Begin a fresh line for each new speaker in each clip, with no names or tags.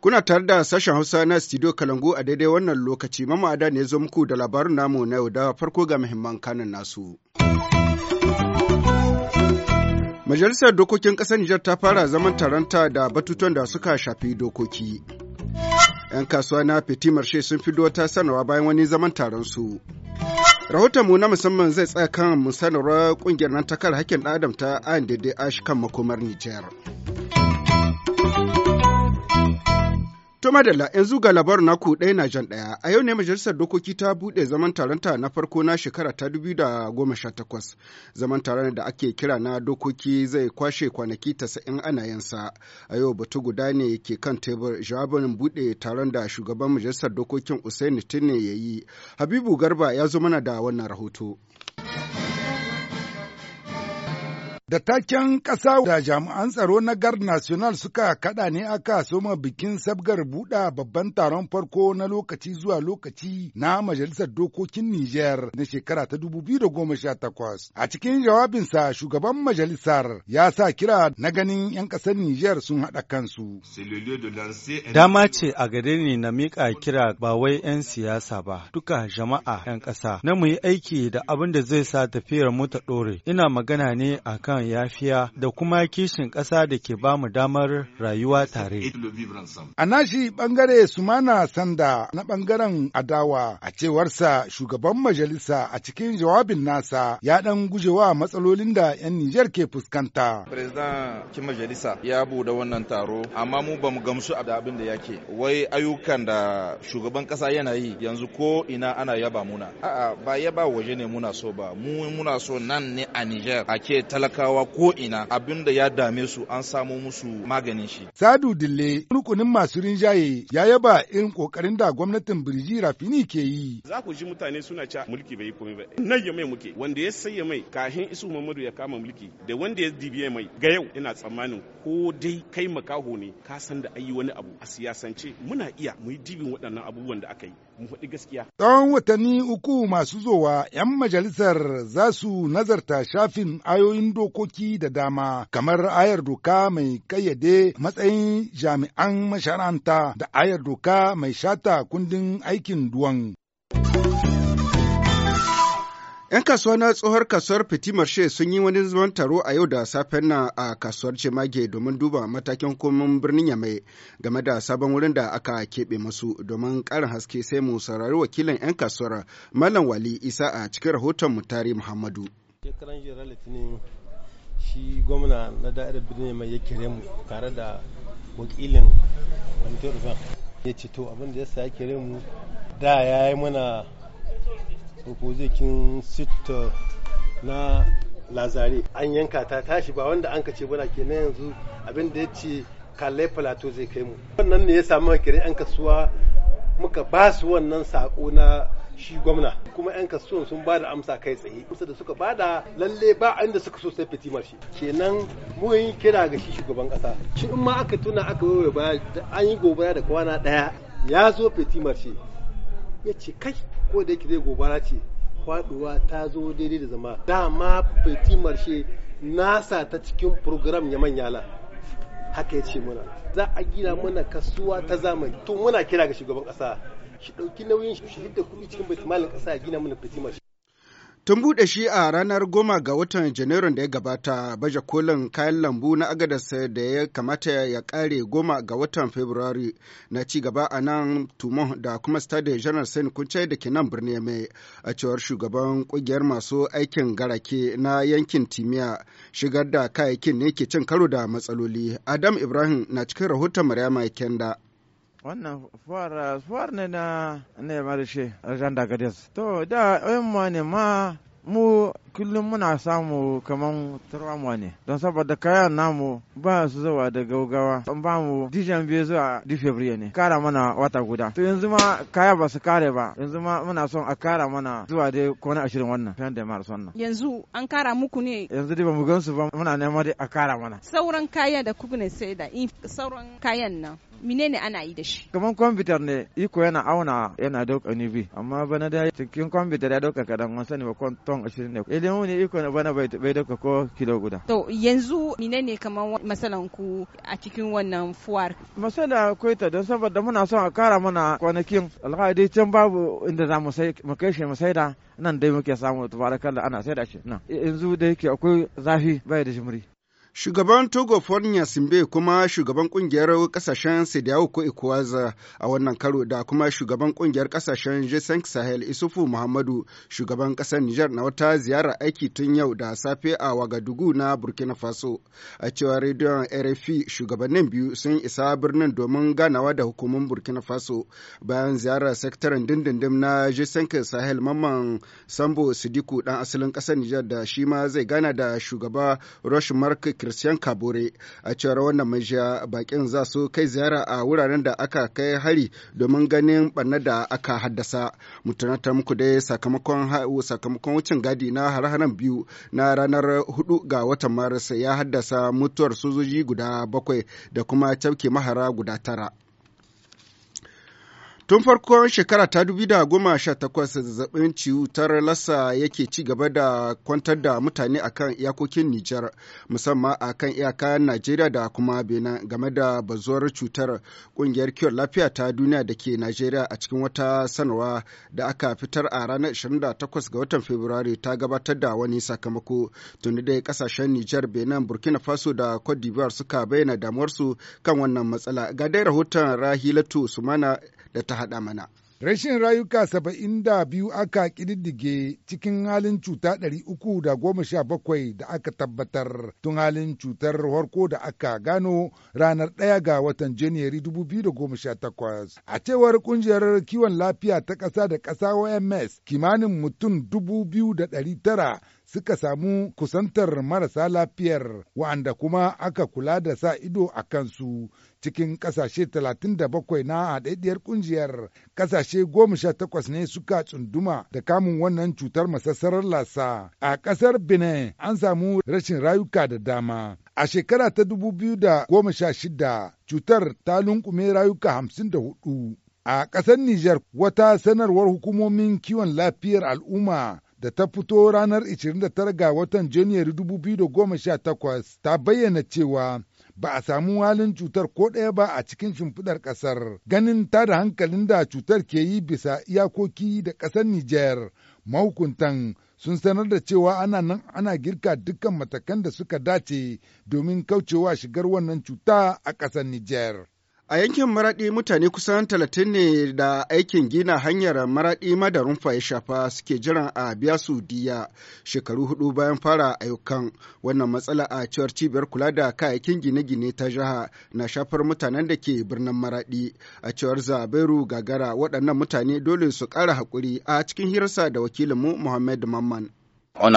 kuna tare da sashen hausa na studio kalangu a daidai wannan lokaci mamada ne zo muku da labarin namu na yau da farko ga muhimman kanin nasu Majalisar Dokokin Ƙasar Nijar ta fara zaman taronta da batutuwan da suka shafi dokoki. 'Yan kasuwa na Fiti Marshe sun fi wata sanarwa bayan wani zaman taron su. rahoton mu na musamman zai tsaya kan sanarwar kungiyar nan ta kare hakkin ɗan adam ta ayan daidai ash kan makomar Nijar. To madalla yanzu ga labar naku ɗaya na jan ɗaya a yau ne majalisar dokoki ta buɗe zaman taronta na farko na shekara ta takwas zaman taron da ake kira na dokoki zai kwashe kwanaki tasa'in ana yansa a yau batu guda ne ke kan tebur jawabin buɗe taron da shugaban majalisar dokokin Usaini Tine ya yi Habibu Garba ya zo mana da wannan rahoto. Da taken ƙasa da jami'an tsaro
na Gard National suka kaɗa ne aka soma bikin sabgar buɗa babban taron farko na lokaci zuwa lokaci na Majalisar Dokokin Nijar na shekara ta 2018. A cikin jawabinsa shugaban majalisar ya sa kira na ganin 'yan ƙasar Nijar sun haɗa kansu.
Dama ce a gare ni na miƙa kira ba wai 'yan siyasa ba, duka jama'a 'yan ƙasa na mu yi aiki da abin da zai sa tafiyar mu ta ɗore. Ina magana ne kan. kan yafiya da kuma kishin ƙasa da ke ba mu damar rayuwa tare.
A nashi ɓangare Sumana Sanda na ɓangaren adawa a cewarsa shugaban majalisa a cikin jawabin nasa ya ɗan gujewa matsalolin da 'yan Nijar ke fuskanta.
Firistan majalisa ya buɗe wannan taro amma mu bamu gamsu da abin da yake wai ayyukan da shugaban ƙasa yana yi yanzu ko ina ana yaba muna. A'a ba yaba waje ne muna so ba mu muna so nan ne a Nijar ake talaka talakawa ko ina abin da ya dame su an samo musu maganin shi.
Sadu Dille rukunin masu rinjaye ya yaba irin kokarin da gwamnatin Birji Rafini ke yi.
Za ku ji mutane suna ca mulki bai komai ba. Nan ya mai muke wanda ya saya mai kahin Isu Muhammadu ya kama mulki da wanda ya dibiye mai ga yau ina tsammanin ko dai kai makaho ne ka san da ayi wani abu a siyasance muna iya muyi yi dibin waɗannan abubuwan da aka yi. mu faɗi gaskiya.
Tsawon watanni uku masu zowa 'yan majalisar za su nazarta shafin ayoyin dokoki da dama kamar ayar doka mai kayyade matsayin jami'an masharanta da ayar doka mai shata
kundin aikin duwan 'Yan kasuwa na tsohon kasuwar Marshe sun yi wani zaman taro a yau da safen nan a kasuwar Cemage domin duba matakin komin birnin ya mai game da sabon wurin da aka keɓe masu domin ƙarin haske sai mu saurari wakilin 'yan kasuwar Malam Wali Isa a cikin rahoton Mutari Muhammadu.
mu tare da wakilin ya da ya yi mana proposé uh, na lazare an yanka ta tashi ba wanda an kace bana kenan yanzu abinda ya ce kalai plateau zai kai mu wannan ne ya samu kire yan kasuwa muka ba su wannan sako na shi gwamna kuma yan kasuwan sun ba da amsa kai tsaye amsa da suka bada lalle ba inda suka so sai fitima shi kenan mu yi kira ga shi shugaban kasa shi in ma aka tuna aka waye ba an yi gobara da kwana daya ya zo fitimar shi ya ce kai ko da yake zai gobara ce faduwa ta zo daidai da zama dama fiti marshe nasa ta cikin program ya manyala haka ya ce muna za a gina mana kasuwa ta zamani tun muna kira ga shugaban kasa shi dauki nauyin shi da kuɗi cikin baitmalin kasa ya gina mana fiti marshe
Tun buɗe shi a ranar goma ga watan Janairun da ya gabata, baje kolin kayan lambu na agadas da ya kamata ya ƙare goma ga watan Fabrairu na ci gaba a nan Tumon da kuma Stade General Sen Kunce da ke nan birni mai a cewar shugaban ƙungiyar masu aikin garake na yankin Timiya shigar da kayayyakin ne ke cin karo da matsaloli. Adam Ibrahim na cikin rahoton Maryama Kenda.
wannan fuwar fuwar ne na ne marishe rajan dagades to da oyin ne ma mu kullum muna samu kaman turwa ne don saboda kayan namu ba su zuwa da gaugawa an ba mu dijan biyu zuwa di fevriye ne kara mana wata guda to yanzu ma kaya ba su kare ba yanzu ma muna son a kara mana zuwa dai kone ashirin wannan fiyan da mars wannan
yanzu an kara muku ne
yanzu dai ba mu gan su ba muna nema dai a kara mana
sauran kaya da kuka ne sai da sauran kayan nan ne ana yi da shi
kaman kwamfutar ne iko yana auna yana dauka ni bi amma bana da cikin kwamfutar ya dauka kadan wani sani ba kon ton ashirin ne ilimin ne iko bana bai dauka ko kilo guda
to yanzu ne kaman masalan ku a cikin wannan fuwar
masala akwai ta don saboda muna son a kara mana kwanakin alhadi can babu inda za mu sai mu kai shi mu da nan dai muke samu tabarakallah ana da shi nan yanzu da yake akwai zafi bai da jimri Shugaban Togo Fornia
Simbe kuma shugaban kungiyar kasashen Sidiyawu ko Ikuwaza a wannan karo da kuma shugaban kungiyar kasashen J5 Sahel Isufu Muhammadu shugaban kasar Nijar na wata ziyara aiki tun yau da safe a Wagadugu na Burkina Faso. A cewar rediyon RFI shugabannin biyu sun isa birnin domin ganawa da hukumin Burkina Faso bayan ziyarar sektaran dindindim na J5 Sahel Mamman Sambo Sidiku dan asalin kasar Nijar da shi ma zai gana da shugaba Rush Mark Christian Kabore a cewar wannan majiya bakin za su kai ziyara a wuraren da aka kai hari domin ganin barna da aka haddasa. Mutunata muku dai sakamakon sakamakon wucin gadi na harharan biyu na ranar hudu ga watan Maris ya haddasa mutuwar sojoji guda bakwai da kuma cauke mahara guda tara. Tun farkon shekara ta takwas zazzabin cutar lasa yake ci gaba da kwantar da mutane akan iyakokin Nijar musamman kan iyaka Najeriya da kuma Benin game da bazuwar cutar ƙungiyar kiwon lafiya ta duniya da ke Najeriya a cikin wata sanarwa da aka fitar a ranar 28 ga watan Fabrairu ta gabatar da wani sakamako tuni dai kasashen Nijar, Benin, Burkina Faso da Cote d'Ivoire suka bayyana damuwarsu kan wannan matsala. Ga dai rahoton Rahilatu Sumana da ta haɗa mana.
Rashin rayuka saba'in da biyu aka ƙididdige cikin halin cuta ɗari uku da goma sha bakwai da aka tabbatar tun halin cutar harko da aka gano ranar ɗaya ga watan Janairu dubu biyu da goma sha takwas. A cewar ƙungiyar kiwon lafiya ta ƙasa da ƙasa OMS kimanin mutum dubu biyu da ɗari tara suka samu kusantar marasa lafiyar wa'anda kuma aka kula da sa ido a kansu cikin ƙasashe 37 na haɗaɗɗiyar ƙungiyar ƙasashe 18 ne suka tsunduma da kamun wannan cutar masassarar lasa a ƙasar benin an samu rashin rayuka da dama a shekara ta 2016 cutar ta lunkume rayuka 54 A ƙasar Nijar wata sanarwar hukumomin kiwon lafiyar al'umma da ta fito ranar 29 ga watan Janairu 2018 ta bayyana cewa ba a samu halin cutar ko ɗaya ba a cikin shimfiɗar ƙasar ganin ta da hankalin da cutar ke yi bisa iyakoki da ƙasar Nijar mahukuntan sun sanar da cewa ana nan ana girka dukkan matakan da suka dace domin kaucewa shigar wannan
cuta a ƙasar Nijar. A yankin Maraɗi mutane kusan talatin ne da aikin gina hanyar Maraɗi madarin ya shafa suke jiran a biya su diya shekaru hudu bayan fara ayyukan. Wannan matsala a cewar cibiyar kula da kayayyakin gine-gine ta jiha na shafar mutanen da ke birnin Maraɗi. A cewar Zabairu Gagara waɗannan mutane dole su ƙara haƙuri a cikin hirarsa da wakilinmu Muhammad Mamman. A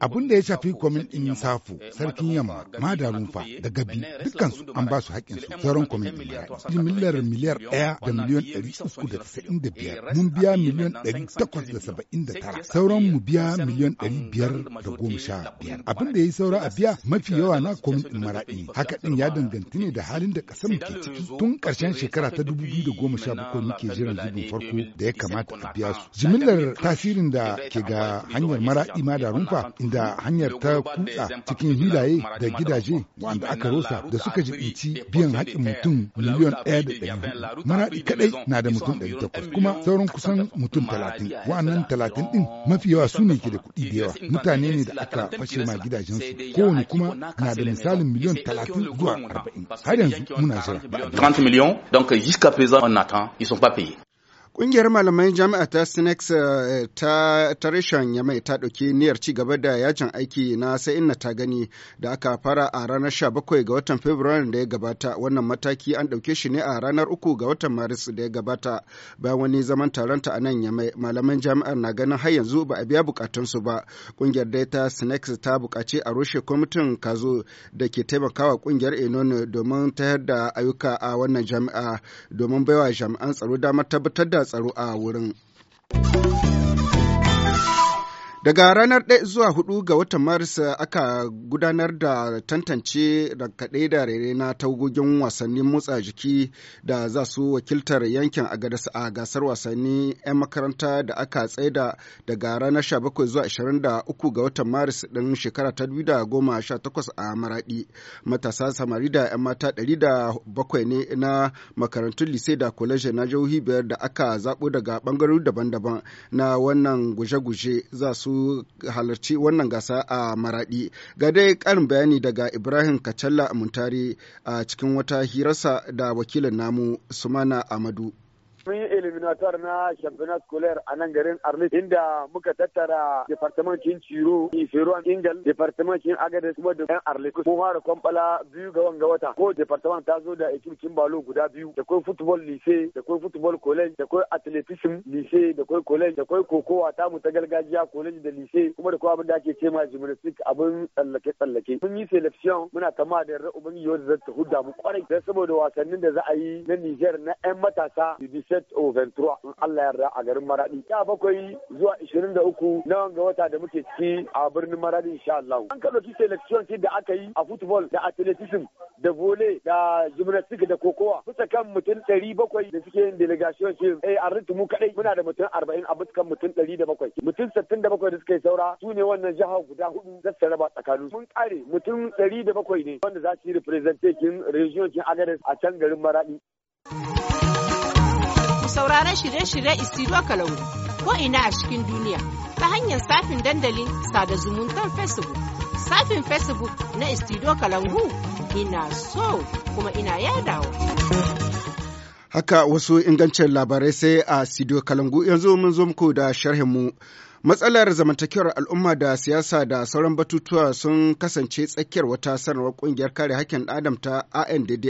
Abin da ya shafi kwamin ɗin Safu, Sarkin Yamma, Mada Rumfa
da Gabi dukansu an ba su su, sauran kwamin ɗin ya yi. miliyar ɗaya da miliyon ɗari uku da tasa'in da biyar, mun biya miliyon ɗari takwas da saba'in da tara, sauran mu biya miliyon ɗari biyar da goma sha biyar. Abin da ya yi saura a biya mafi yawa na kwamin ɗin Maraɗi. Haka ɗin ya danganta ne da halin da ƙasar ke ciki. Tun ƙarshen shekara ta dubu biyu da goma sha bakwai muke jiran zubin farko da ya kamata a biya su. Jimillar tasirin da ke ga hanyar maraɗi ma da rumfa inda hanyar ta kutsa cikin hilaye da gidaje wanda aka rosa da suka jibinci biyan haƙƙin mutum miliyon ɗaya da
ɗari maraɗi kaɗai
na da mutum ɗari takwas kuma sauran kusan mutum talatin wa'annan talatin ɗin mafi yawa su ne ke da kuɗi da yawa mutane ne da aka fashe ma gidajensu kowane kuma na da misalin miliyon talatin zuwa arba'in har yanzu muna jira.
30 millions, donc jusqu'à présent on attend, ils sont pas payés.
Ƙungiyar malaman jami'a ta Sinex eh, ta tarishan Yamai ta ɗauki niyyar ci gaba da yajin aiki na sai na ta gani da aka fara a ranar 17 ga watan Fabrairu da ya gabata. Wannan mataki an ɗauke shi ne a ranar 3 ga watan Maris da ya gabata. Bayan wani zaman taronta a nan Yamai, malaman jami'ar na ganin har yanzu ba a biya bukatunsu ba. Ƙungiyar dai ta Sinex ta buƙaci a rushe kwamitin kazo da ke taimakawa ƙungiyar Enon domin tayar da ayyuka a wannan jami'a domin baiwa jami'an tsaro damar tabbatar da tsaro a wurin. Daga ranar 1 zuwa 4 ga watan Maris aka gudanar da tantance kaɗai da rere na tagogin wasannin motsa jiki da za su wakiltar yankin Agadas a gasar wasanni 'yan makaranta da aka tsaida daga ranar 17 zuwa 23 ga watan Maris ɗin shekara ta 2018 a Maraɗi. Matasa samari da 'yan mata 107 ne na makarantun lise da kwaleji na jihohi biyar da aka zaɓo daga ɓangarori daban-daban na wannan guje-guje za su su halarci wannan gasa a maradi ga dai karin bayani daga ibrahim kacalla muntari a cikin wata hirarsa da wakilin namu sumana amadu
mun yi eliminator na championnat scolaire a nan garin arlis inda muka tattara departamentin Ciro, Ifiruwan Ingal, departamentin Agadez kuma da yan Arlit. Mun fara kwamfala biyu ga wanga wata. Ko departament ta zo da ekipcin balo guda biyu, da kai football lise da kai football college, da kai athleticism lise da kai college, da kai kokowa ta mu ta gargajiya college da lise kuma da kuma abin da ake ce ma gymnastic abin tsallake-tsallake. Mun yi selection muna kama da yarda ubangiji wanda zai ta hudda mu kwarai. Dan saboda wasannin da za a yi na Niger na 'yan matasa set o ventura in Allah yarda a garin Maradi. Ya bakwai zuwa 23 na wanga wata da muke ciki a birnin Maradi insha Allah. An ka ɗauki selection da aka yi a football da athleticism da vole da gymnastics da kokowa. Kusa kan mutum 700 da suke yin delegation ce eh a rintu mu kadai muna da mutum 40 a buskan mutum 107. Mutum 67 da suka yi saura su ne wannan jiha guda hudu da su raba tsakanin. Mun kare mutum 107 ne wanda za su yi representation region kin Agadez a can garin Maradi.
sauraron shirye-shirye Isiro Kalangu ko ina a cikin duniya ta hanyar safin dandalin sada zumuntar Facebook. Safin Facebook na Isiro Kalangu ina so kuma ina yadawa. Haka wasu ingancin labarai sai a Sido Kalangu yanzu mun zo muku da sharhinmu. mu. Matsalar zamantakewar al'umma da siyasa da sauran batutuwa sun kasance tsakiyar wata sanarwar kungiyar kare hakkin adam ta ANDDH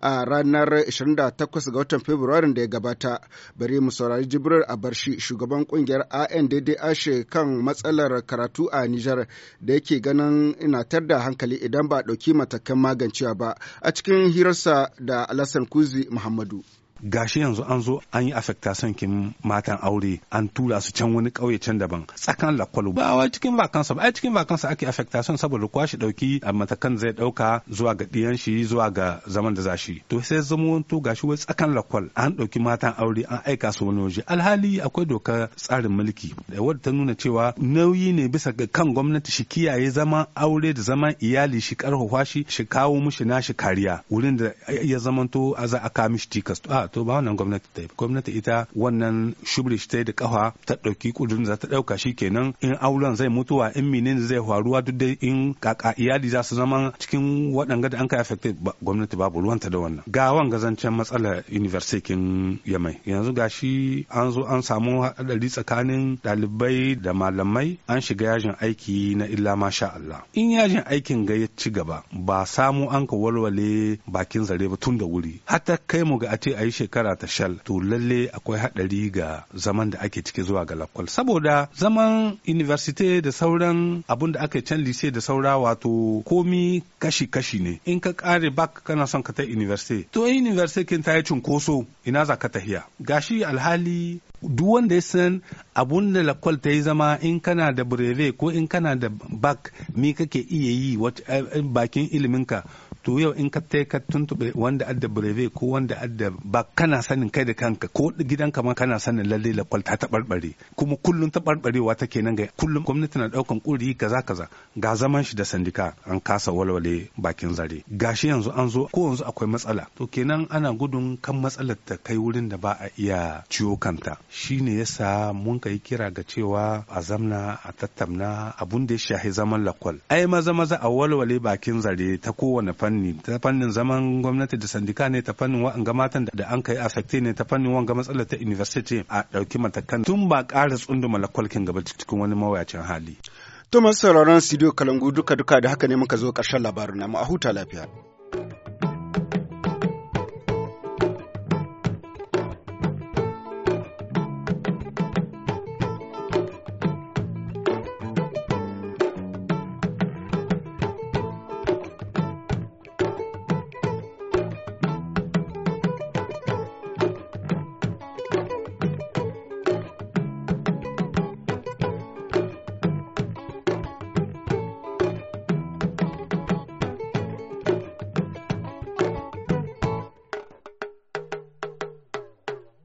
a ranar 28 ga watan Fabrairun da ya gabata. Bari mu saurari Jibril a barshi, shugaban kungiyar ANDDH kan matsalar karatu a Nijar da yake ganin inatar da hankali idan ba a ɗauki matakan magancewa ba a cikin hirarsa da Alassan Kuzi Muhammadu. gashi yanzu an
zo an yi affectation kin matan aure an tura su can wani ƙauye can daban tsakan lakwal ba wai cikin vakansa ba ai cikin vakansa ake affectation saboda kwa shi dauki a matakan zai dauka zuwa ga diyan shi zuwa ga zaman da zashi to sai zama to gashi wai tsakan lakwal an dauki matan aure an aika su wani waje alhali akwai doka tsarin mulki wadda ta nuna cewa nauyi ne bisa ga kan gwamnati shi kiyaye zama aure da zaman iyali shi karhuwa shi shi kawo mushi nashi kariya wurin da ya zamanto a za a kawo mishi tikas to ba wannan gwamnati ta yi gwamnati ita wannan shubrish ta da kafa ta ɗauki kudin za ta ɗauka shi kenan in auren zai mutuwa in minin zai faruwa duk dai in kaka iyali za su zama cikin waɗanga da an kai affected gwamnati babu ruwanta da wannan ga wanga matsalar university kin yamai yanzu ga shi an zo an samu hadari tsakanin ɗalibai da malamai an shiga yajin aiki na illa masha Allah in yajin aikin ga ya ci gaba ba samu an ka walwale bakin zare ba tun da wuri hatta kai mu ga a ce a shekara ta shal to lalle akwai haɗari ga zaman da ake ciki zuwa ga lakwal saboda zaman university da sauran abun da aka can lise da saura wato komi kashi-kashi ne in ka kare bak kana son ka ta university to university kin ta yi cunkoso ina za ka tahiya gashi alhali duk wanda ya san abun da lakwal ta yi zama in kana da breve ko in kana da bak me kake iya yi eh, eh, bakin iliminka to yau in ka tai ka tuntube wanda adda breve ko wanda adda ba kana sanin kai da kanka ko gidanka ma kana sanin lalle lakwal ta tabarbare kuma kullun tabarbarewa take nan ga kullun gwamnati na daukan kuri kaza kaza ga zaman shi da sandika an kasa walwale bakin zare gashi yanzu an zo ko yanzu akwai matsala to kenan ana gudun kan matsalar ta kai wurin da ba a iya ciwo kanta shine yasa mun kai kira ga cewa a zamna a tattamna abun da ya shahi zaman lakwal ai maza maza a walwale bakin zare ta kowane fanni fanni ta fannin zaman gwamnati da sandika ne ta fannin wa'anga matan da an kai affecte ne ta fannin wanga matsalar ta university a ɗauki matakan tun ba ƙara tsunduma lakwalkin gaba cikin wani mawuyacin
hali. To masu sauraron studio Kalangu duka-duka da haka ne muka zo ƙarshen labarin namu a huta lafiya.